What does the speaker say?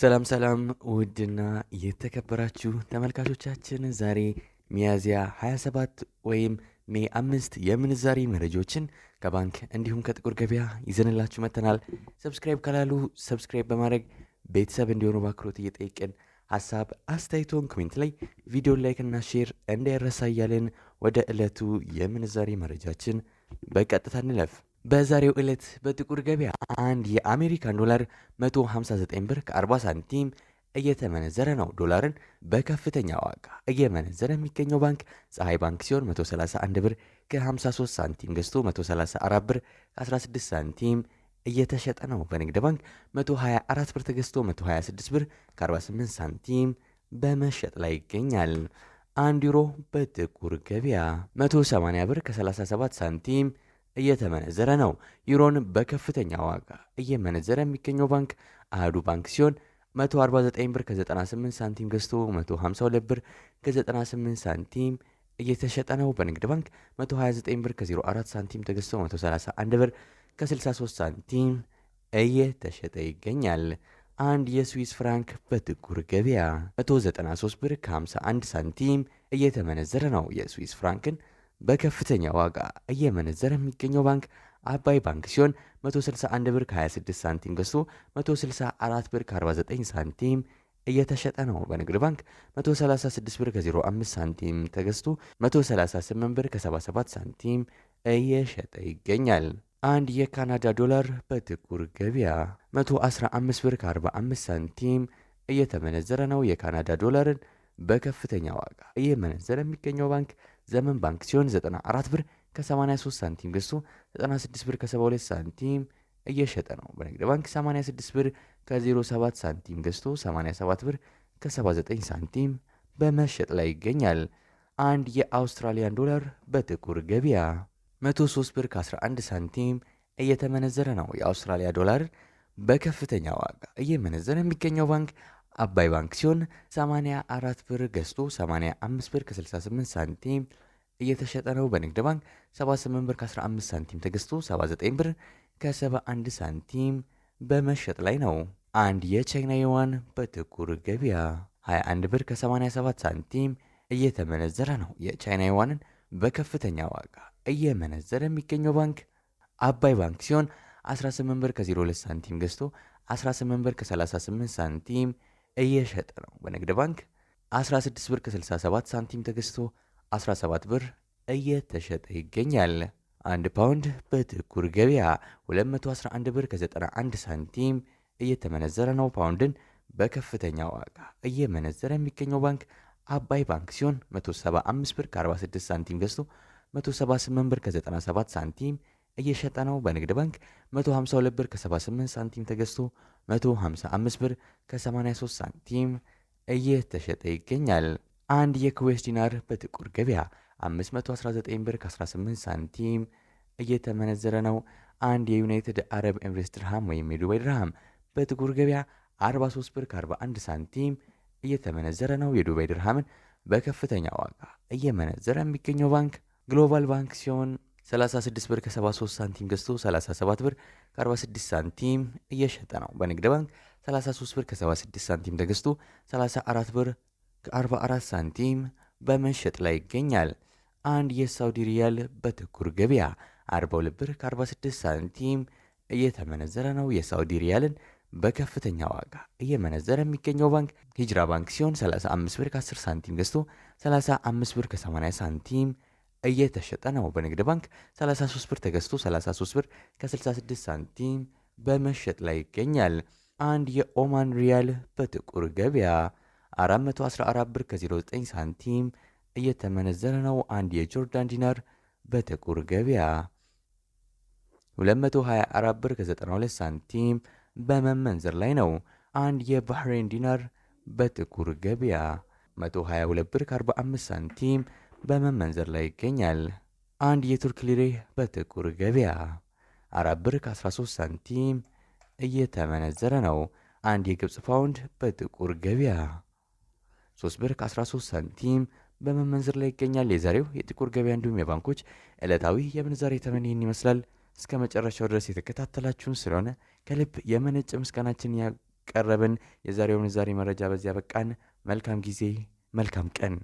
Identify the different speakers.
Speaker 1: ሰላም ሰላም ውድና የተከበራችሁ ተመልካቾቻችን ዛሬ ሚያዝያ 27 ወይም ሜ አምስት የምንዛሬ መረጃዎችን ከባንክ እንዲሁም ከጥቁር ገበያ ይዘንላችሁ መጥተናል። ሰብስክራይብ ካላሉ ሰብስክራይብ በማድረግ ቤተሰብ እንዲሆኑ በአክብሮት እየጠየቅን ሀሳብ አስተያየቶን ኮሜንት ላይ ቪዲዮ ላይክና ሼር እንዳይረሳ እያልን ወደ ዕለቱ የምንዛሬ መረጃችን በቀጥታ እንለፍ። በዛሬው ዕለት በጥቁር ገበያ አንድ የአሜሪካን ዶላር 159 ብር ከ40 ሳንቲም እየተመነዘረ ነው። ዶላርን በከፍተኛ ዋጋ እየመነዘረ የሚገኘው ባንክ ፀሐይ ባንክ ሲሆን 131 ብር ከ53 ሳንቲም ገዝቶ 134 ብር ከ16 ሳንቲም እየተሸጠ ነው። በንግድ ባንክ 124 ብር ተገዝቶ 126 ብር ከ48 ሳንቲም በመሸጥ ላይ ይገኛል። አንድ ዩሮ በጥቁር ገበያ 180 ብር ከ37 ሳንቲም እየተመነዘረ ነው። ዩሮን በከፍተኛ ዋጋ እየመነዘረ የሚገኘው ባንክ አህዱ ባንክ ሲሆን 149 ብር ከ98 ሳንቲም ገዝቶ 152 ብር ከ98 ሳንቲም እየተሸጠ ነው። በንግድ ባንክ 129 ብር ከ04 ሳንቲም ተገዝቶ 131 ብር ከ63 ሳንቲም እየተሸጠ ይገኛል። አንድ የስዊስ ፍራንክ በጥቁር ገበያ 193 ብር ከ51 ሳንቲም እየተመነዘረ ነው። የስዊስ ፍራንክን በከፍተኛ ዋጋ እየመነዘረ የሚገኘው ባንክ አባይ ባንክ ሲሆን 161 ብር ከ26 ሳንቲም ገዝቶ 164 ብር ከ49 ሳንቲም እየተሸጠ ነው። በንግድ ባንክ 136 ብር ከ05 ሳንቲም ተገዝቶ 138 ብር ከ77 ሳንቲም እየሸጠ ይገኛል። አንድ የካናዳ ዶላር በጥቁር ገበያ 115 ብር ከ45 ሳንቲም እየተመነዘረ ነው። የካናዳ ዶላርን በከፍተኛ ዋጋ እየመነዘረ የሚገኘው ባንክ ዘመን ባንክ ሲሆን 94 ብር ከ83 ሳንቲም ገዝቶ 96 ብር ከ72 ሳንቲም እየሸጠ ነው። በንግድ ባንክ 86 ብር ከ07 ሳንቲም ገዝቶ 87 ብር ከ79 ሳንቲም በመሸጥ ላይ ይገኛል። አንድ የአውስትራሊያን ዶላር በጥቁር ገበያ 103 ብር ከ11 ሳንቲም እየተመነዘረ ነው። የአውስትራሊያ ዶላር በከፍተኛ ዋጋ እየመነዘረ የሚገኘው ባንክ አባይ ባንክ ሲሆን 84 ብር ገዝቶ 85 ብር ከ68 ሳንቲም እየተሸጠ ነው። በንግድ ባንክ 78 ብር ከ15 ሳንቲም ተገዝቶ 79 ብር ከ71 ሳንቲም በመሸጥ ላይ ነው። አንድ የቻይና ዩዋን በጥቁር ገበያ 21 ብር ከ87 ሳንቲም እየተመነዘረ ነው። የቻይና ዩዋንን በከፍተኛ ዋጋ እየመነዘረ የሚገኘው ባንክ አባይ ባንክ ሲሆን 18 ብር ከ02 ሳንቲም ገዝቶ 18 ብር ከ38 ሳንቲም እየሸጠ ነው። በንግድ ባንክ 16 ብር ከ67 ሳንቲም ተገዝቶ 17 ብር እየተሸጠ ይገኛል። አንድ ፓውንድ በጥቁር ገበያ 211 ብር ከ91 ሳንቲም እየተመነዘረ ነው። ፓውንድን በከፍተኛ ዋጋ እየመነዘረ የሚገኘው ባንክ አባይ ባንክ ሲሆን 175 ብር ከ46 ሳንቲም ገዝቶ 178 ብር ከ97 ሳንቲም እየሸጠ ነው። በንግድ ባንክ 152 ብር ከ78 ሳንቲም ተገዝቶ 155 ብር ከ83 ሳንቲም እየተሸጠ ይገኛል። አንድ የኩዌስ ዲናር በጥቁር ገበያ 519 ብር ከ18 ሳንቲም እየተመነዘረ ነው። አንድ የዩናይትድ አረብ ኤምሬትስ ድርሃም ወይም የዱባይ ድርሃም በጥቁር ገበያ 43 ብር ከ41 ሳንቲም እየተመነዘረ ነው። የዱባይ ድርሃምን በከፍተኛ ዋጋ እየመነዘረ የሚገኘው ባንክ ግሎባል ባንክ ሲሆን 36 ብር ከ73 ሳንቲም ገዝቶ 37 ብር ከ46 ሳንቲም እየሸጠ ነው። በንግድ ባንክ 33 ብር ከ76 ሳንቲም ተገዝቶ 34 ብር ከ44 ሳንቲም በመሸጥ ላይ ይገኛል። አንድ የሳውዲ ሪያል በጥቁር ገበያ 42 ብር ከ46 ሳንቲም እየተመነዘረ ነው። የሳውዲ ሪያልን በከፍተኛ ዋጋ እየመነዘረ የሚገኘው ባንክ ሂጅራ ባንክ ሲሆን 35 ብር ከ10 ሳንቲም ገዝቶ 35 ብር ከ80 ሳንቲም እየተሸጠ ነው። በንግድ ባንክ 33 ብር ተገዝቶ 33 ብር ከ66 ሳንቲም በመሸጥ ላይ ይገኛል። አንድ የኦማን ሪያል በጥቁር ገበያ 414 ብር ከ09 ሳንቲም እየተመነዘረ ነው። አንድ የጆርዳን ዲናር በጥቁር ገበያ 224 ብር ከ92 ሳንቲም በመመንዘር ላይ ነው። አንድ የባህሬን ዲናር በጥቁር ገበያ 122 ብር ከ45 ሳንቲም በመመንዘር ላይ ይገኛል። አንድ የቱርክ ሊሬ በጥቁር ገበያ 4 ብር ከ13 ሳንቲም እየተመነዘረ ነው። አንድ የግብፅ ፓውንድ በጥቁር ገበያ 3 ብር ከ13 ሳንቲም በመመንዘር ላይ ይገኛል። የዛሬው የጥቁር ገበያ እንዲሁም የባንኮች ዕለታዊ የምንዛሬ ተመን ይህን ይመስላል። እስከ መጨረሻው ድረስ የተከታተላችሁን ስለሆነ ከልብ የመነጨ ምስጋናችን ያቀረብን። የዛሬው ምንዛሬ መረጃ በዚያ በቃን። መልካም ጊዜ፣ መልካም ቀን